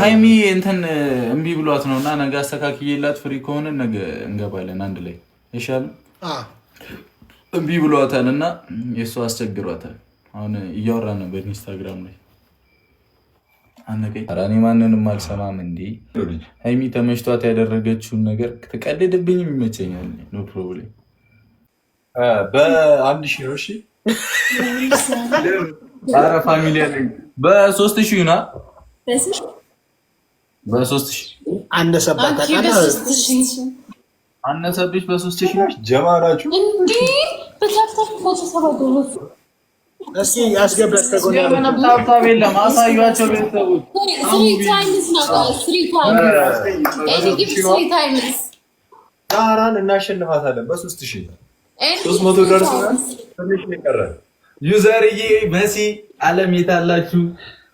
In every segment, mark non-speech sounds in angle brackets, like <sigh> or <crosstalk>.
ሀይሚ እንትን እምቢ ብሏት ነው እና ነገ አስተካክዬላት ፍሪ ከሆነ ነገ እንገባለን አንድ ላይ ይሻል። እምቢ ብሏታል እና የእሱ አስቸግሯታል። አሁን እያወራ ነው በኢንስታግራም ላይ አነቀኝ። ኧረ እኔ ማንንም አልሰማም። እንዲ ሀይሚ ተመችቷት ያደረገችውን ነገር ትቀልድብኝም ይመቸኛል። ኖ ፕሮብሌም በአንድ ሺ ነው። እሺ ኧረ ፋሚሊ በሶስት ሺ ና በሶስት አነሰባት። አነሰብሽ በሶስት ሺ ጀማ ናችሁ። እስኪ ያስገባት ዛራን እናሸንፋታለን። በሶስት ሺ ሶስት መቶ ደርሰናል። ትንሽ ይቀራል። ዩዘርዬ መሲ አለም የታላችሁ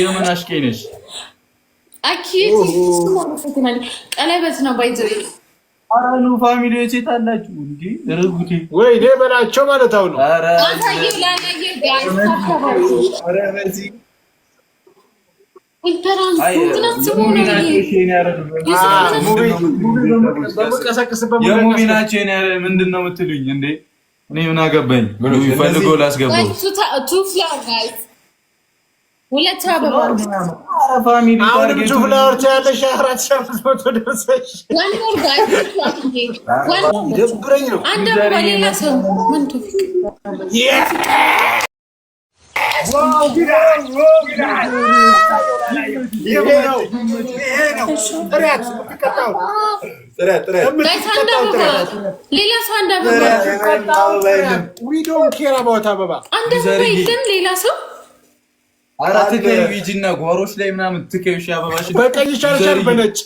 የምን አሽቄ ነሽ? ቀለበት ነው ባይዘው አራኑ ፋሚሊዎች የት አላችሁ እንዴ? ረጉቴ ወይ እኔ በላቸው ማለት አሁን ነው። ምንድን ነው የምትሉኝ እንዴ? እኔ ምን አገባኝ? ፈልጎ ላስገባው ሁለት አበባ አሁን ብዙ ፍላወር ያለሽ አራት ሺህ መቶ ደርሰሽ ነው። አንድ አበባ ሌላ ሰው ምን ሌላ ሰው አንድ አበባ ሌላ ሰው ኧረ ትከዩ ሂጂና ጓሮች ላይ ምናምን ትከዩ ሺህ አበባሽ በቀይ ይሻልሻል በነጭ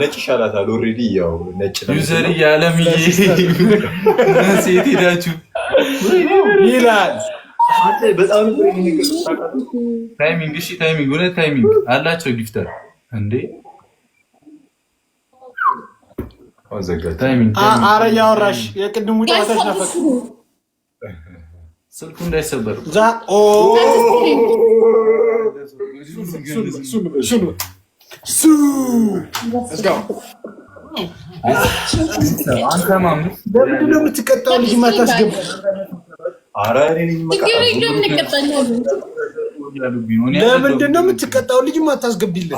ነጭ ይሻላታል። ኦልሬዲ ያው ነጭ ነው። ዩዘር ያለምዬ ሴት ሄዳችሁ ይላል። ታይሚንግ፣ እሺ ታይሚንግ፣ ሁለት ታይሚንግ አላቸው። ጊፍተር እንዴ ታይሚንግ፣ አረ እያወራሽ የቅድሙ ጨዋታሽ ናፈቅ ስልኩ እንዳይሰበር ለምንድን ነው የምትቀጣው? ልጅ ማታስገባ ለምንድን ነው የምትቀጣው? ልጅ ማታስገቢልን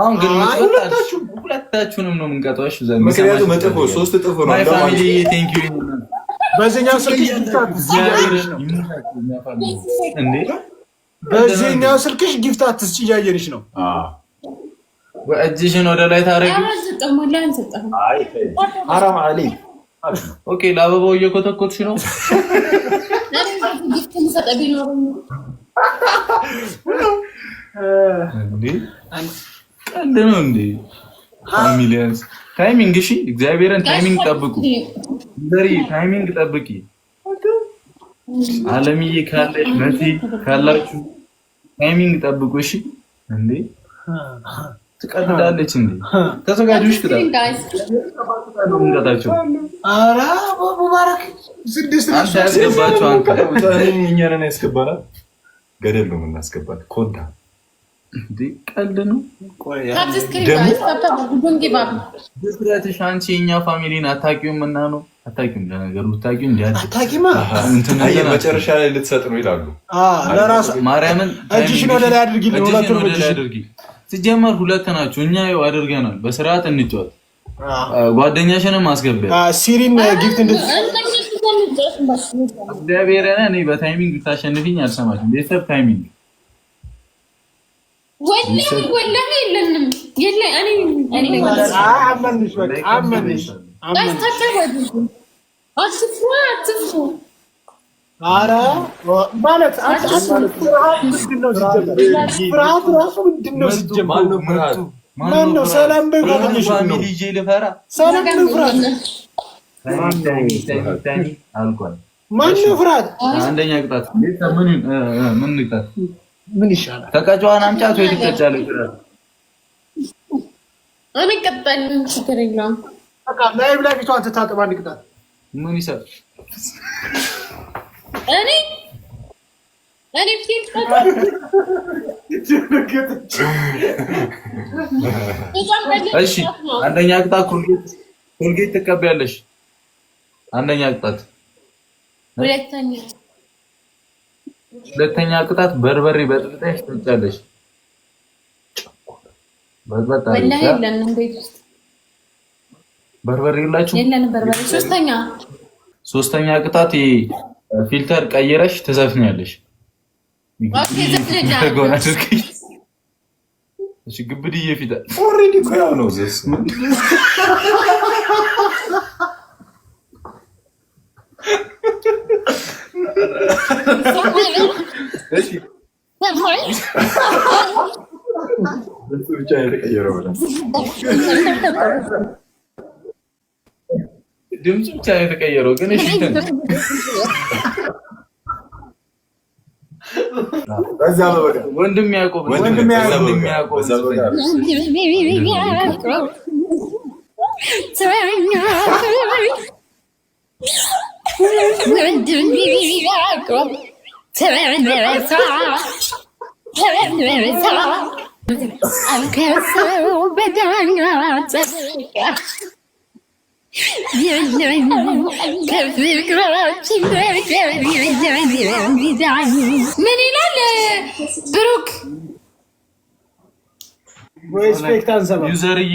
አሁን ግን ሁለታችሁ ሁለታችሁንም ነው የምንቀጣው። እሺ ዘን ምክንያቱም እጥፍ ሶስት ጥፎ ነው። ማይ ፋሚሊ ቴንክ ዩ። በዚህኛው ስልክ በዚህኛው ስልክሽ ጊፍት አትስጭ እያየንሽ ነው። እጅሽን ወደ ላይ ታረጊ። ሐራም አለ። ኦኬ ለአበባው እየኮተኮትሽ ነው <laughs> ቀልድ ነው እንዴ? ሚሊየንስ ታይሚንግ እሺ፣ እግዚአብሔርን ታይሚንግ ጠብቁ። ዘሪ ታይሚንግ ጠብቂ። አለምዬ ካለች መሲ ካላችሁ ታይሚንግ ጠብቁ። እሺ እንዴ ትቀልዳለች እንዴ? ተዘጋጁ። እሺ ቅጣ እንቀጣቸው። ኧረ ሙባረክ ስድስት ያስገባቸው አንተ እኛ ነን ያስገባናል። ገደል ነው የምናስገባት ኮንታ ቀልድ ነው። የኛ ፋሚሊን አታውቂውም እና ነው አታውቂውም። ለነገሩ መጨረሻ ላይ ልትሰጥ ነው ይላሉ። ማርያምን እጅሽን ወደ ላይ አድርጊ። ሲጀመር ሁለት ናቸው። እኛ ይኸው አድርገናል። በስርዓት እንጫወት። ጓደኛሽንም አስገቢያ ሲሪን ጊፍት እግዚአብሔር እኔ በታይሚንግ ብታሸንፊኝ አልሰማሽም። ቤተሰብ ታይሚንግ ወላሂ ወላሂ የለንም። ኧረ ማለት ፍርሃት ራሱ ምንድን ነው ሲጀመር? ማነው ሰላም ሰላም በይ ፍርሃት ማነው ፍርሃት አንደኛ ቅጣት ምን ቅጣት ምን ይሻላል? ተቀጫዋን አምጫት ወይ ትቀጫለህ? ይችላል። ቅጣት አንደኛ ቅጣት ኮልጌት ትቀበያለሽ። አንደኛ ቅጣት ሁለተኛ ሁለተኛ ቅጣት በርበሬ በጥብጠሽ ትወጫለሽ። በርበሬ የላችሁ። ሶስተኛ ቅጣት ፊልተር ቀይረሽ ትዘፍኛለሽ። እሺ ግብድ እየፊት ኦልሬዲ እኮ ያው ነው። ብቻ የተቀየረው ድምፁ ብቻ የተቀየረው ግን ወንድም ያዕቆብ ምን ይላል ብሩክ? ዩዘርዬ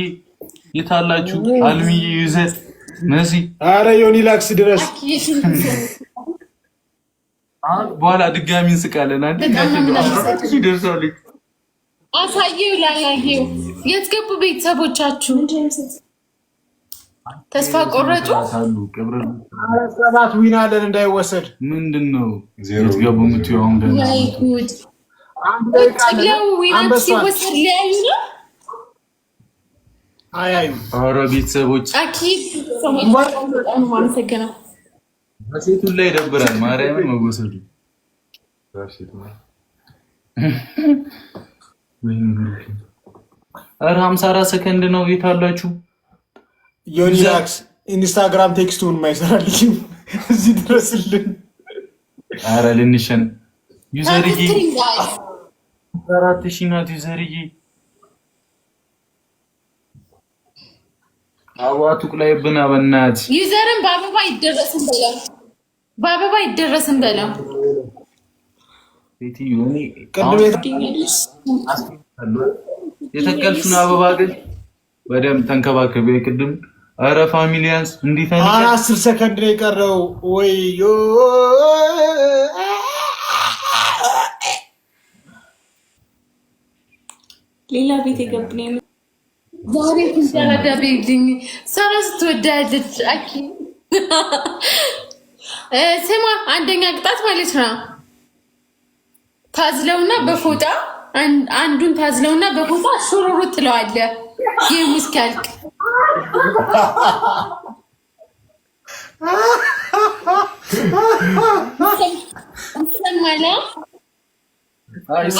የታላችሁ አልሚዬ ዩዘር መሲ አረ ዮኒ ላክስ ድረስ በኋላ ድጋሚ እንስቃለን። ደርሳለች አሳየው ላላየው የት ገቡ ቤተሰቦቻችሁ? ተስፋ ቆረጡ። ሰባት ዊና አለን እንዳይወሰድ። ምንድን ነው የት ገቡ የምትይው? አሁን ገና አንድ ላይ ሲወሰድ ሊያዩ ነው አረ ቤተሰቦች ሴቱን ላይ ይደብራል። ማርያምን መወሰዱ አረ ሀምሳ አራት ሰከንድ ነው። የት አላችሁ? ዮኒዛክስ ኢንስታግራም ቴክስቱን ማይሰራልኝ እዚህ ድረስልን። አረ ልንሸን ዩዘርዬ አራት ሺህ ናት ዩዘርዬ አዋቱ ቁላይ ብና በናት ዩዘርን በአበባ ይደረስም በለው፣ በአበባ ይደረስም በለው። ዩኒ እኔ የተከልሽውን አበባ ግን በደምብ ተንከባከቢ። ቅድም አረ ፋሚሊያንስ እንዴት አይነት አስር ሰከንድ ነው የቀረው። ወዮ ሌላ ቤት የገብነው ዛሬ ትደረደብልኝ ሰራ ስትወዳለች። አኪ ስማ፣ አንደኛ ቅጣት ማለት ነው ታዝለውና በፎጣ አንዱን ታዝለውና በፎጣ ሹሩሩ ትለዋለ። ይህም እስኪያልቅ ሰማለ።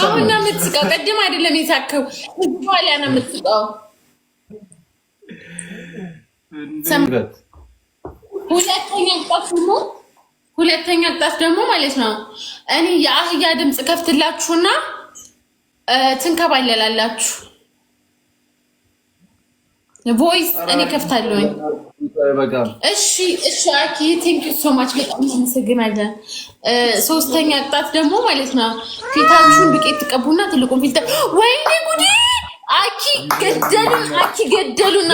አሁን ነው የምትስቀው። ቅድም አይደለም የሳከው፣ በኋላ ነው የምትስቀው ሁለተኛ ጣፍ ደግሞ ማለት ነው እኔ የአህያ ድምፅ ከፍትላችሁና ትንከባለላላችሁ። ቮይስ እኔ ከፍታለሁኝ። እሺ እሺ፣ አኪ ቴንክ ዩ ሶ ማች በጣም አመሰግናለን። ሶስተኛ ጣፍ ደግሞ ማለት ነው ፊታችሁን ዱቄት ትቀቡና ትልቁን ፊልተር ወይኔ ጉዴ አኪ ገደሉን፣ አኪ ገደሉን።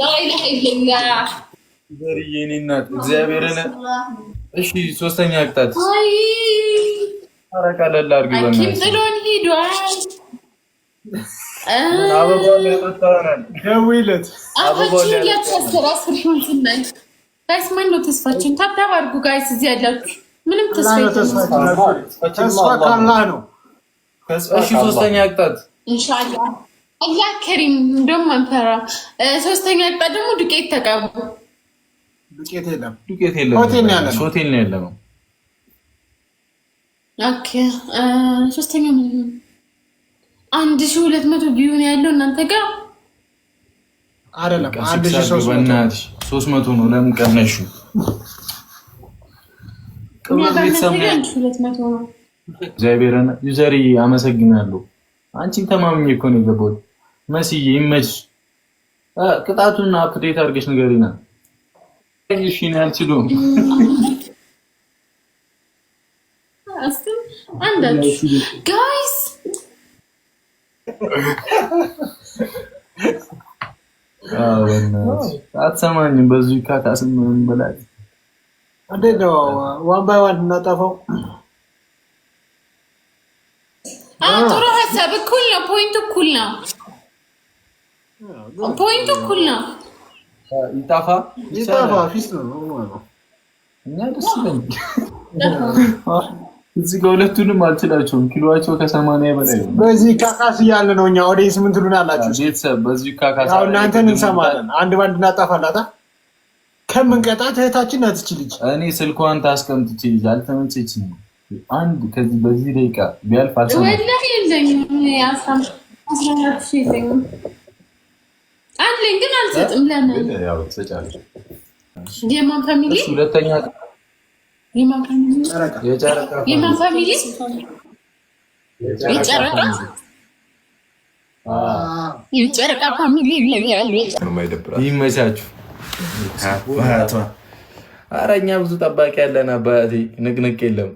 ላኢላሀ ዘርዬ፣ እኔ እናት እግዚአብሔርን። እሺ ሶስተኛ ቅጣት ጥሎን ሂዷል። ነው ተስፋችን? ታብታብ አድርጉ ጋይስ። እዚህ ያላችሁ ምንም ተስፋ ካላ ነው። እሺ ሶስተኛ ቅጣት አላህ ከሪም እንደውም አንፈራ። ሶስተኛ ዕጣ ደግሞ ዱቄት ተቀቡ። ዱቄት የለም፣ ሆቴል ነው ያለው፣ ነው ሶስተኛ ምን አንድ ሺ ሁለት መቶ ቢሆን ያለው እናንተ ጋር ሶስት መቶ ነው። ለምን ቀነሹ? እግዚአብሔርን ዩዘሪ አመሰግናለሁ። አንቺን ተማምኜ እኮ ነው የገባሁት መስዬ ይመች። ቅጣቱን አፕዴት አድርገሽ ንገሪና። እሺ ነው አልችልም። አንዳችሁ ጋይስ አትሰማኝም። በዙ ካካስም ምንም በላይ ነው ዋን ባይ ዋን እናጠፋው። ጥሩ ሀሳብ። እኩል ነው ፖይንቱ፣ እኩል ነው ፖይንቱ እኩል ነው። ይጣፋ ይጣፋ ፊስ ነው እና ደስ እዚህ ጋር ሁለቱንም አልችላቸውም። ከሰማንያ በላይ በዚህ ካካስ እያለ ነው እኛ ወደ ስምንት ሉን ቤተሰብ። በዚህ ካካስ እናንተን እንሰማለን። አንድ ባንድ እናጣፋላታ ከምንቀጣት እህታችን ናትች ልጅ እኔ ስልኳን ታስቀምጥች ልጅ አንድ ከዚህ በዚህ ደቂቃ ቢያልፍ አለኝ ግን አልሰጥም። ለምን የማን ፋሚሊ የማን ፋሚሊ የጨረቃ የጨረቃ ፋሚሊ ይለኛል። ይመቻችሁ። አረ እኛ ብዙ ጠባቂ ያለን አባቴ ንቅንቅ የለም።